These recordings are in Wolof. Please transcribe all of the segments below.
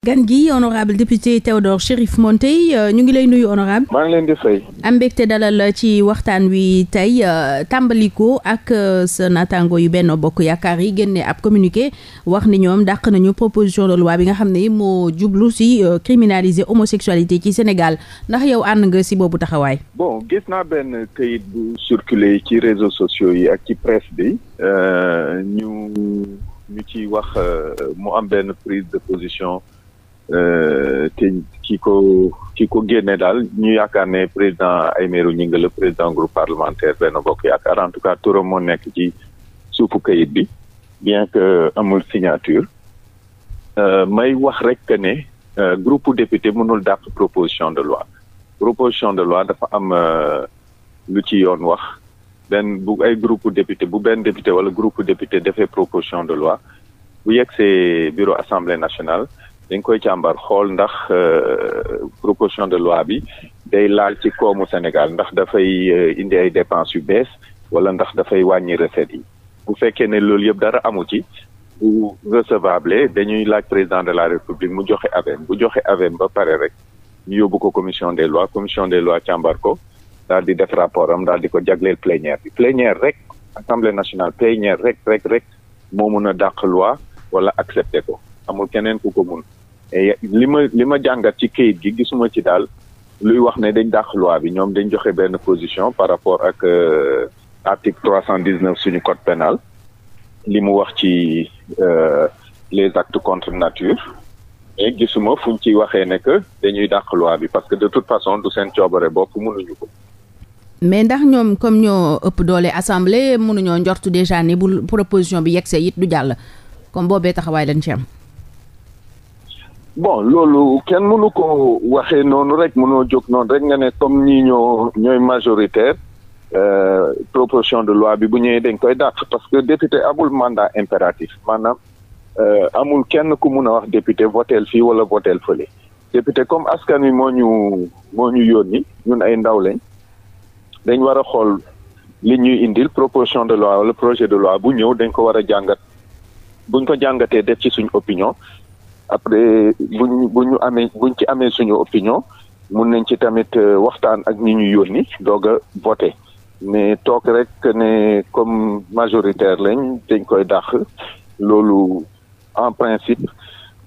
gan gi honorable député Théodore Chérif Monteil euh, ñu ngi lay nuyu honorable maa ngi leen di fay am mbégte dalal ci waxtaan wi tey euh, tàmbaliko ak euh, sa naataango yu benn Bokk Yaakaar yi génne ab communiqué wax ni ñoom dàq nañu proposition de bi nga xam ne moo jublu si criminaliser homosexualité ci Sénégal ndax yow ànd nga si boobu taxawaay bon gis naa benn kayit bu circulé ci réseau sociaux yi ak ci presse bi ñu ñu wax mu am benn prise de position Euh, te ki ko ki ko génne daal ñu yaakaar ne président ay Aymérou Gningue la président groupe parlementaire Benno Bokk Yaakaar en tout cas turam moo nekk ci suufu kayit bi bien que amul signature euh, may wax rek que ne euh, groupe député mënul dàq proposition de loi proposition de loi dafa am lu ci yoon wax benn bu ay groupe député bu benn député wala groupe député defee proposition de loi bu yegg see bureau assemblée nationale dañ koy càmbar xool ndax euh, proposition de loi bi day laal ci koomu Sénégal ndax dafay euh, indi ay dépenses yu bees wala ndax dafay wàññi recettes yi bu fekkee ne loolu yëpp dara amu ci bu recevable dañuy laaj président de la république mu joxe avem bu joxe avem ba pare rek ñu yóbbu ko commission des lois commission des lois càmbar ko daal di def rapport am daal di ko jagleel plénière bi plénière rek assemblée nationale plénière rek rek rek moo mun a dàq loi wala accepter ko amul keneen ku ko li ma li ma jàngat ci kayit gi gisuma ci daal luy wax ne dañ dàq loi bi ñoom dañ joxe benn position par rapport ak euh, article trois cent dix neuf suñu code pénal li mu wax ci euh, les actes contre nature mais gisuma fuñ ciy waxee ne que dañuy dàq loi bi parce que de toute façon du seen coobare bopp mënuñu ko mais ndax ñoom comme ñoo ëpp doole assemblée mënuñoo njortu déjà ni bu proposition bi yegsee it du jàll comme boobee taxawaay lañ ci am bon loolu kenn mënu ko waxee noonu rek mënoo jóg noonu rek nga ne comme ñii ñoo ñooy majoritaire euh, de loi bi bu ñëwee dañ koy dàq parce que député amul mandat impératif maanaam euh, amul kenn ku mun a wax député votel fii wala votel fële député comme askan wi moo ñu moo ñu yónni ñun ay ndaw lañ dañ war a xool li ñuy indil proposition de loi wala projet de loi bu ñëw dañ ko war a jàngat buñ ko jàngatee def ci suñ opinion après buñ bu ñu amee buñ ci amee suñu opinion mun nañ ci tamit euh, waxtaan ak ñi ñu yónni doog a voté mais toog rek ne comme majoritaire lañ dañ koy dax loolu en principe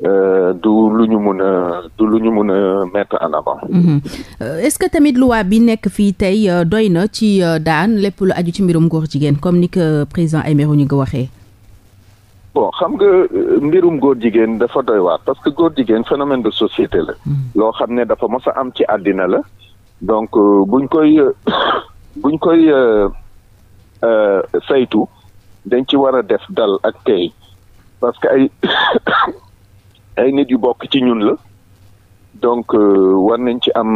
Euh, du lu ñu mun a du lu ñu mun a mettre en avant. mm euh, ce que tamit loi bi nekk fii tey euh, doy na ci daan lépp lu aju ci mbirum góor jigéen comme ni ko président ay Aymérou ñu nga waxee. bon xam nga euh, mbirum góor jigéen dafa doy waar parce que góor jigéen phénomène de société la. Mm-hmm. loo xam ne dafa mos a am ci àddina la. donc euh, buñ koy buñ koy euh, saytu dañ ci war a def dal ak tey parce que ay ay nit yu bokk ci ñun la donc war nañ ci am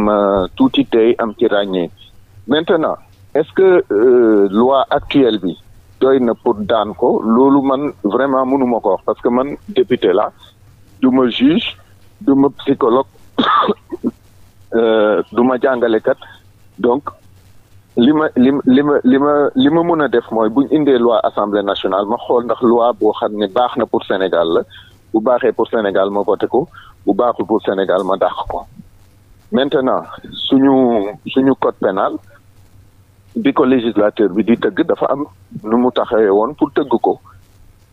tuuti tey am ci ràññee maintenant est-ce que loi actuelle bi. doy na pour daan ko loolu man vraiment mënuma ko wax parce que man député la du ma juge du ma psychologue euh, duma jàngale kat donc li ma li li ma li ma li ma mën a def mooy buñ indee loi assemblée nationale ma xool ndax loi boo xam ne baax na pour Sénégal bu baaxee pour Sénégal ma voté ko bu baaxul pour Sénégal ma dàq ko maintenant suñu suñu code pénal bi ko législateur bi di tëgg dafa am nu mu taxawee woon pour tëgg ko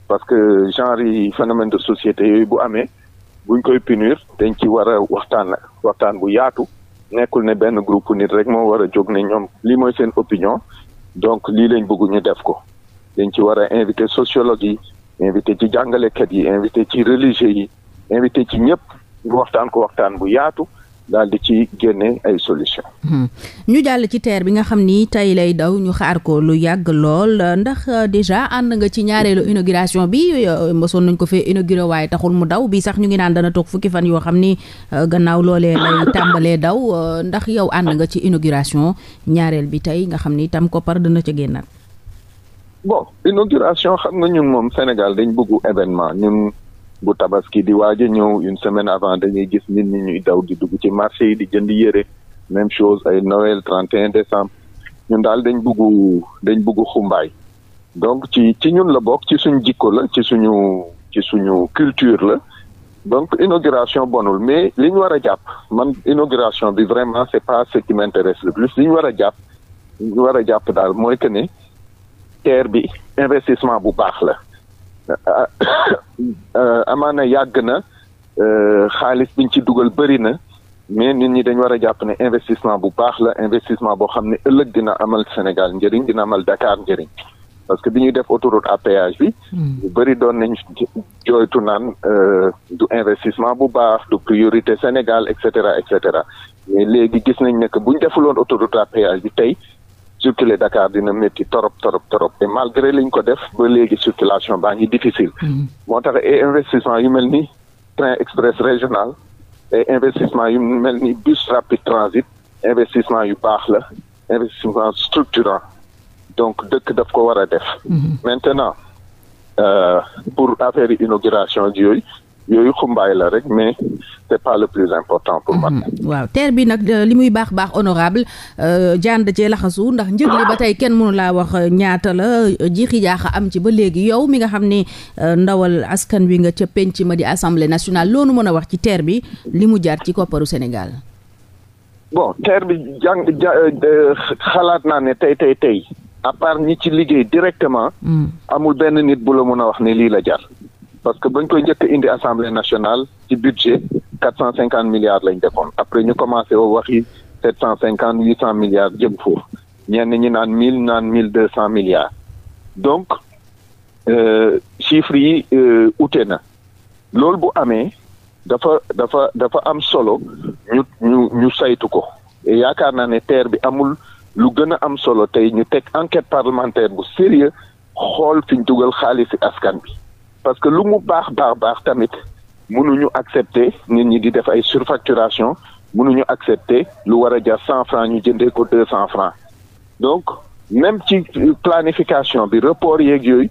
parce que genre yi phénomène de société yooyu bu amee buñ koy punir dañ ci war waxtaan waxtaan bu yaatu nekkul ne benn groupe nit rek moo war a jóg ne ñoom lii mooy seen opinion donc lii lañ bëgg ñu def ko dañ ci war a invité sociologue yi invité ci jàngalekat yi invité ci religieux yi invité ci ñëpp ñu waxtaan ko waxtaan bu yaatu daal ci génne ay solution hmm. ñu jàll ci teer bi nga xam ni tey lay daw ñu xaar ko lu yàgg lool ndax euh, déjà ànd nga ci ñaareelu inauguration bi euh, mosoon nañ ko fee inauguré waaye taxul mu daw bi sax ñu ngi naan dana toog fukki fan yoo xam ni euh, gannaaw loolee lay tàmbalee daw ndax yow ànd nga ci inauguration ñaareel bi tey nga xam ni tam koppar dana ca génnaat bon inauguration xam nga moom Sénégal dañ bëggu événement ñun bu tabaski di waaj a ñëw une semaine avant dañuy gis nit ñi ñuy daw di dugg ci marché yi di jënd yére même chose ay Noël 31 décembre ñun daal dañ buggu dañ bugg xumbaay donc ci ci ñun la bokk ci suñu jikko la ci suñu ci suñu culture la donc inauguration bonul mais li ñu war a jàpp man inauguration bi vraiment c'est pas ce qui m'intéresse le plus li war a jàpp li war a jàpp daal mooy que ne terre bi investissement bu baax la Euh, euh, amaana yàgg na euh, xaalis biñ ci dugal bëri na mais nit ñi dañ war a jàpp ne investissement bu baax la investissement boo xam ne ëllëg dina amal Sénégal njëriñ dina amal Dakar njëriñ parce que bi ñuy def autoroute à péage bi. bu hmm. bëri doon nañ jooytu naan du investissement bu baax du priorité Sénégal et cetera et cetera mais léegi gis nañ ne que bu ñu defuloon autoroute à péage bi tey. circuler Dakar dina métti torop torop torop te malgré liñ ko def ba léegi circulation baa ngi difficile. Mm-hmm. moo tax ay investissement yu mel ni train express régional ay investissement yu mel ni bus rapide transit investissement yu baax la investissement structurant donc dëkk daf ko war a def. Mm-hmm. maintenant euh, pour affaire inauguration yooyu. yooyu xumbaay la rek mais c'est pas le plus important pour man. Mhm. waaw terre bi nag euh, li muy baax baax honorable euh, jaan da cee laxasu ndax njëg ba tey kenn mënu laa wax euh, ñaata la jiixi jaaxa am ci ba léegi yow mi nga xam ni ndawal askan wi nga ca penc ma di assemblée nationale loonu mën a wax ci teer bi li mu jaar ci kopparu Sénégal. bon terre bi jàng xalaat naa ne tey tey tey à part ñi ci liggéey directement. Mm. amul benn nit bu la mën a wax ne lii la jar. parce que bañ koy njëkk indi assemblée nationale ci budget quatre cinquante milliards lañ defoon après ñu commencé woo waxi sept cent cinquante huit cent milliards jëm foofu ñenn ñi naan mille naan mille deux cent milliards donc euh, chiffres yi euh, ute na loolu bu amee dafa dafa dafa am solo ñu ñu ñu saytu ko yaakaar naa ne terre bi amul lu gën a am solo tey ñu teg enquête parlementaire bu sérieux xool fi ñu dugal xaalis si askan bi parce que lu mu baax baax baax tamit ñu accepter nit ñi di def ay surfacturation mënuñu accepter lu war a jar cent franc ñu jëndee ko deux cent francs donc même ci planification bi report yeeg yooyu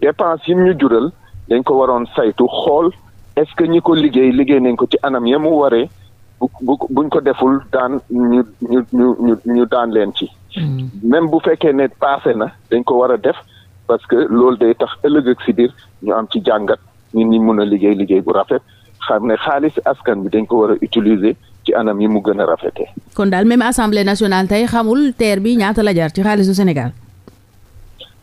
dépense yi ñu jural dañ ko waroon saytu xool est-ce que ñi ko liggéey liggéey nañ ko ci anam ya mu waree bu bu buñ ko deful daan ñu ñu ñu ñu daan leen ci. Hmm. même bu fekkee ne passé na dañ ko war a def. parce que loolu day tax ëllëg ak si biir ñu am ci jàngat ñun ñi mun a liggéey liggéey bu rafet xam ne xaalis askan bi dañ ko war a utiliser ci anam yi mu gën a rafete kon daal même assemblée nationale tey xamul terre bi ñaata la jar ci xaalisu senegal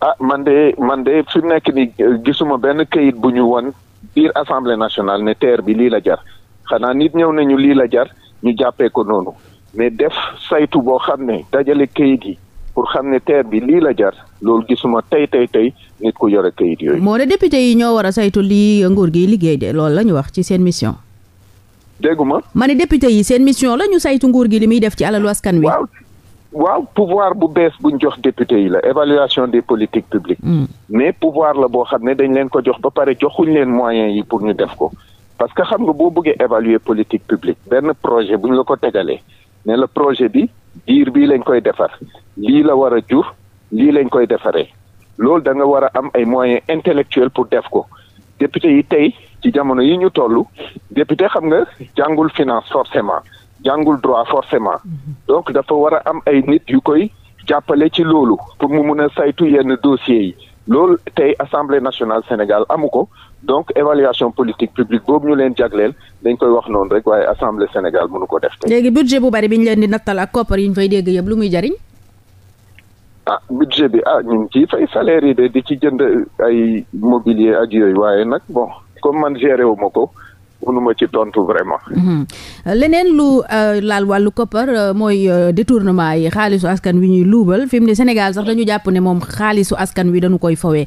ah man de man de fi nekk ni euh, gisuma benn kayit bu ñu won biir assemblée nationale ne terre bi lii la jar xanaa nit ñëw nañu lii la jar ñu jàppee ko noonu mais def saytu boo xam ne dajale kayit yi. pour xam ne terre bi lii la jar loolu gisuma tey tey tey nit ku yore kayit yooyu. moo ne député yi ñoo war a saytu lii nguur gi liggéey de loolu la wax ci seen mission. dégguma. ma ne député yi seen mission la ñu saytu nguur gi li muy def ci alalu askan wi. waaw waaw pouvoir bu bees buñ jox député yi la évaluation des politique publiques. Hmm. mais pouvoir la boo xam ne dañ leen ko jox ba pare joxuñ leen moyens yi pour ñu def ko. parce que xam nga boo bëggee évaluer politique publique benn projet bu la ko tegalee diir bii lañ koy defar lii la war a jur lii lañ koy defaree loolu da nga war a am ay moyens intellectuels pour def ko député yi tey ci jamono yi ñu toll député xam nga jàngul finance forcément jàngul droit forcément donc dafa war a am ay nit yu koy jàppale ci loolu pour mu mun a saytu yenn dossiers yi loolu tey assemblée nationale Sénégal amu ko donc évaluation politique publique boobu ñu leen jagleel dañ koy wax noonu rek waaye assemblée Sénégal mënu ko def léegi budget bu bari bi ñu leen di nattal ak koppar yi ñu fay dégg yëpp lu muy jariñ. ah budget bi ah ñu ngi ciy fay salaire yi de di ci jënd ay mobilier ak yooyu waaye nag bon comme man géré wu ko. mënuma ci tontu vraiment. Mhm. leneen lu euh, laal wàllu koppar euh, mooy euh, détournement yi xaalisu askan wi ñuy luubal fim mu ne Sénégal sax dañu jàpp ne moom xaalisu askan wi dañu koy fawee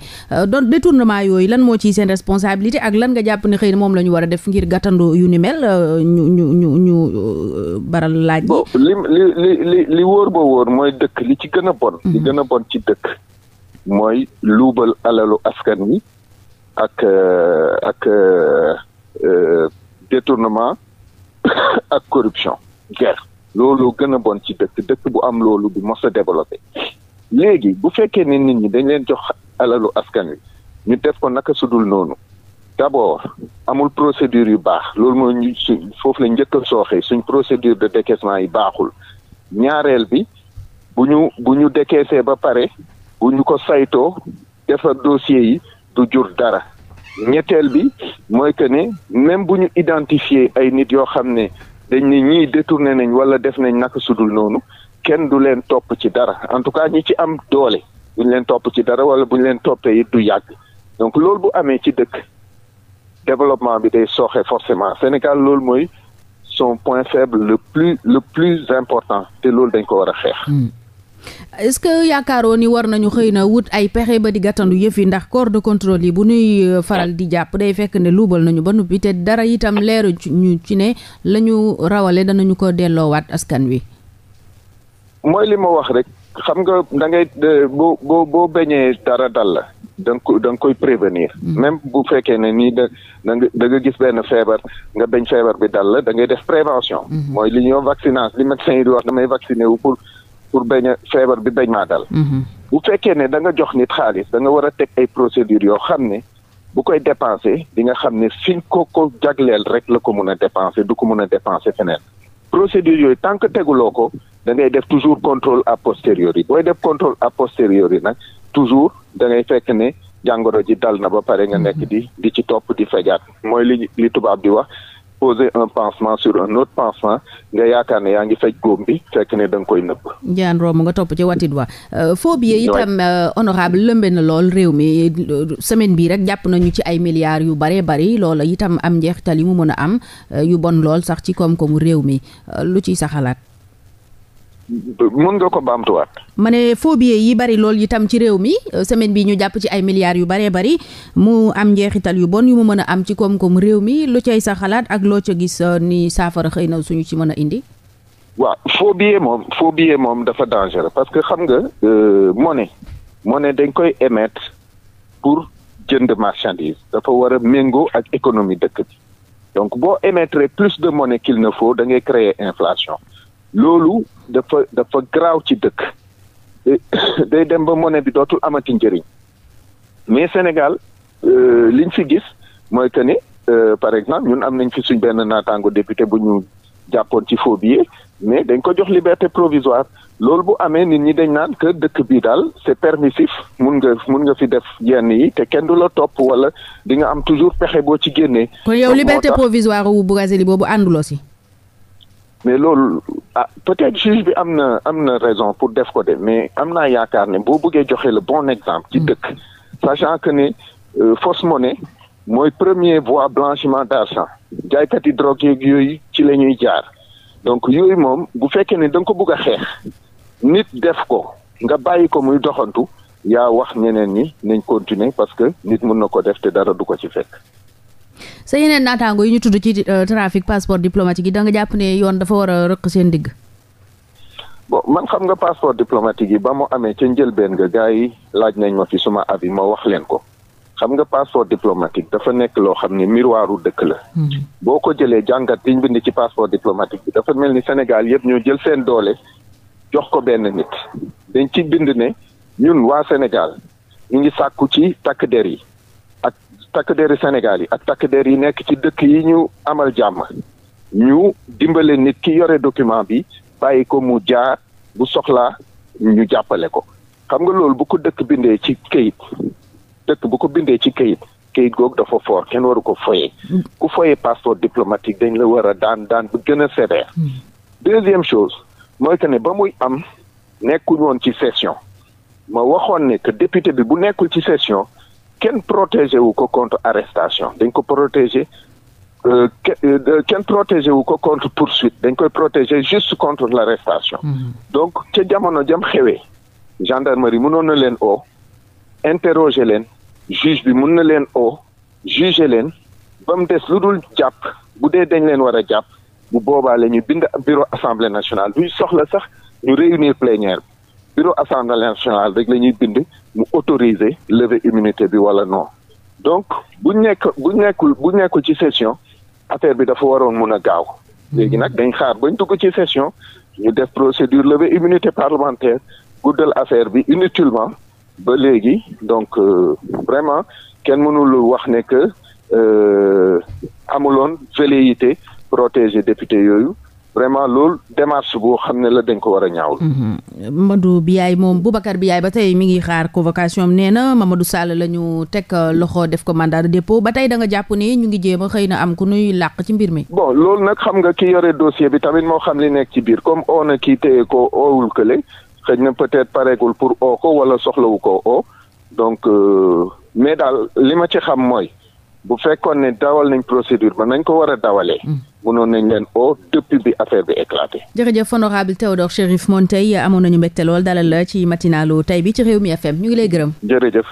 donc détournement yooyu lan moo ciy seen responsabilité ak lan nga jàpp ne xëy na moom la ñu war a def ngir gàttandu yu ni mel ñu ñu ñu baral laaj. bon li li li wóor ba wóor mooy dëkk li ci gën a bon. li mhm. gën a bon ci dëkk mooy luubal alalu askan wi ak ak. Euh, détournement ak corruption guerre loolu gën a bon ci dëkk dëkk bu am loolu du mos a léegi bu fekkee ni nit ñi dañ leen jox alalu askan wi ñu def ko naka sudul noonu d'abord amul procédure yu baax loolu mooy ñu suñ foofu la njëkkal a sooxee suñ procédure de décaissement yi baaxul ñaareel bi bu ñu bu ñu décaissé ba pare bu ñu ko saytoo defar dossier yi du jur dara ñetteel bi mooy que ne même bu ñu identifier ay nit yoo xam ne dañ ne ñii détourné nañ wala def nañ naka sudul noonu kenn du leen topp ci dara en tout cas ñi ci am doole bu ñu leen topp ci dara wala bu ñu leen toppee it du yàgg donc loolu bu amee ci dëkk développement bi day sooxe forcément Sénégal loolu mooy son point faible le plus le plus important te loolu dañ ko war a xeex. Hmm. est-ce que yaakaaroo ni war nañu xëy na wut ay pexe ba di gàttandu yëf yi ndax corps de contrôle yi bu nuy euh, faral di jàpp day fekk ne luubal nañu ba noppi te dara itam leeru ñu ci ne la ñu rawale danañu ko delloowaat askan wi. mooy li ma wax rek xam nga da ngay boo boo boo bañee dara dal la da nga ko da nga koy prévenir. Mm-hmm. même bu fekkee ne nii da da nga da nga gis benn feebar nga bañ feebar bi dal la da ngay def prévention. Mm-hmm. mooy li ñoo vaccination li médecin yi di wax damay vacciner wu pour. pour bañ a feebar bi bañ maa dal. Mhm. bu fekkee ne da nga jox nit xaalis da nga war a teg ay procédures yoo xam ne bu koy dépenser di nga xam ne fi ko ko jagleel rek la ko mën a dépenser du ko mën a dépenser feneen. procédure yooyu tant que teguloo ko da ngay def toujours contrôle a posteriori booy def contrôle a yi nag toujours da ngay fekk ne jàngoro ji dal na ba pare nga nekk di di ci topp di fegaat mooy li li tubaab di wax. poser un pansement sur un autre pansement nga yaakaar ne yaa ngi faj góom bi fekk ne da nga koy nëbb. Ndiane Rome nga topp ci watit wa faux euh, billets itam euh, honorable lëmbe na lool réew mi euh, semaine bii rek jàpp nañu ci ay milliards yu baree bari loola itam am njeexital yi mu mën a am yu bon lool sax ci koom-koomu réew mi lu ciy xalaat mën nga ko baamtuwaat. ma ne faux yi bari lool itam ci réew mi euh, semaine bi ñu jàpp ci ay milliards yu baree bari mu am njeexital yu bon yu mu mën a am ci koom-koom réew mi lu cay sa xalaat ak loo ca gis euh, ni saafara xëy na suñu ci mën a indi. waaw faux billet moom faux billet moom dafa dangereux parce que xam nga euh, monnaie monnaie dañ koy émettre pour jënd marchandise dafa war a méngoo ak économie dëkk bi donc boo émettre plus de monnaie qu'il ne faut da ngay créer inflation loolu dafa dafa garaaw ci dëkk day dem ba mone bi dootul amati njëriñ mais Sénégal euh, liñ fi gis mooy que ne euh, par exemple ñun am nañ fi suñ benn naataango député bu ñu jàppoon ci faux billet mais dañ ko jox liberté provisoire loolu bu amee nit ñi dañ naan que dëkk bii daal c'est permissif mun nga mun nga fi def yenn yi te kenn du la topp wala di nga am toujours pexe boo ci génnee. kon yow liberté provisoire wu Bougazelli boobu ànduloo si. mais loolu ah peut-être juge bi am na am na raison pour def ko de mais am naa yaakaar ne boo bëggee joxee le bon exemple ci mm. dëkk sachant que ne euh, fausse monnaie mooy premier voie blanchiment d'argent jaaykat yi drogue yooyu ci la ñuy jaar donc yooyu moom bu fekkee ne da ko bëgg a xeex nit def ko nga bàyyi ko muy doxantu yaa wax ñeneen ñi nañ continuer parce que nit mun na ko def te dara du ko ci fekk sa yeneen naataango yi ñu tudd ci euh, trafic passeport diplomatique yi da nga jàpp ne yoon dafa war a rëq seen digg. bon man xam nga passeport diplomatique yi ba mu amee ca njëlbeen nga gars yi laaj nañ ma fi suma yi ma wax leen ko xam nga passeport diplomatique dafa nekk loo xam ne miroiru dëkk la. Hmm. boo ko jëlee jàngat liñ bind ci passeport diplomatique bi dafa mel ni senegal yëpp ñoo jël seen doole jox ko benn nit dañ ci bind ne ñun waa senegal ñu ngi sàkku ci takk yi. takk deri Sénégal yi ak takk der yi nekk ci dëkk yi ñu amal jàmm ñu dimbale nit ki yore document bi bàyyi ko mu jaar bu soxlaa ñu jàppale ko xam nga loolu bu ko dëkk bindee ci kayit dëkk bu ko bindee ci kayit kayit googu dafa foor kenn waru ko foyee ku foyee passeport diplomatique dañ la war a daan daan bu gën a sévère mm. deuxième chose mooy que ne ba muy am nekkul woon ci session ma waxoon ne que député bi bu nekkul ci session kenn protégé wu ko contre arrestation dañ ko protégé euh, euh, kenn protégé wu ko contre poursuite dañ koy protégé juste contre l' arrestation mhm. donc ca jamono jam xewee gendarmerie mënoon na leen o interroger leen juge bi mun na leen o juger leen ba des lu dul jàpp bu dee dañ leen war a jàpp bu boobaa la ñu bind bureau assemblée nationale duñ soxla sax ñu réunir plénière bureau assemblée nationale rek la ñuy bind mu autoriser lever immunité bi wala non donc bu nekk bu nekkul bu nekkul ci session affaire bi dafa waroon mun a gaaw léegi nag dañ xaar bañ dugg ci session ñu def procédure lever immunité parlementaire guddal affaire bi inutilement ba léegi donc euh, vraiment kenn mënul wax ne que euh, amuloon velléité protéger député yooyu vraiment loolu démarche boo xam ne la dañ ko war a ñaawul. Mhm. Mamadou Biaye moom bu Boubacar yaay ba tey mi ngi xaar convocation nee na Mamadou Sall la ñu teg euh, loxo def ko mandat de dépôt ba tey danga jàpp nii ñu ngi jéem a xëy na am ku nuy làq ci mbir mi. bon loolu nag xam nga ki yore dossier bi tamit moo xam li nekk ci biir comme oo na kii téye ko oowul kële xëy na peut-être pareegul pour oo ko wala soxlawu ko oo donc euh, mais daal li ma ci xam mooy bu fekkoon ne dawal nañ procédure ba nañ ko war a dawalee. Mhm. mënoon nañ leen oo depuis bi affaire bi éclaté. jërëjëf honorable Théodore Chérif Monteil amoon nañu mbégte lool dalal la ci matinalu tey bi ci réew mi FM ñu ngi lay gërëm.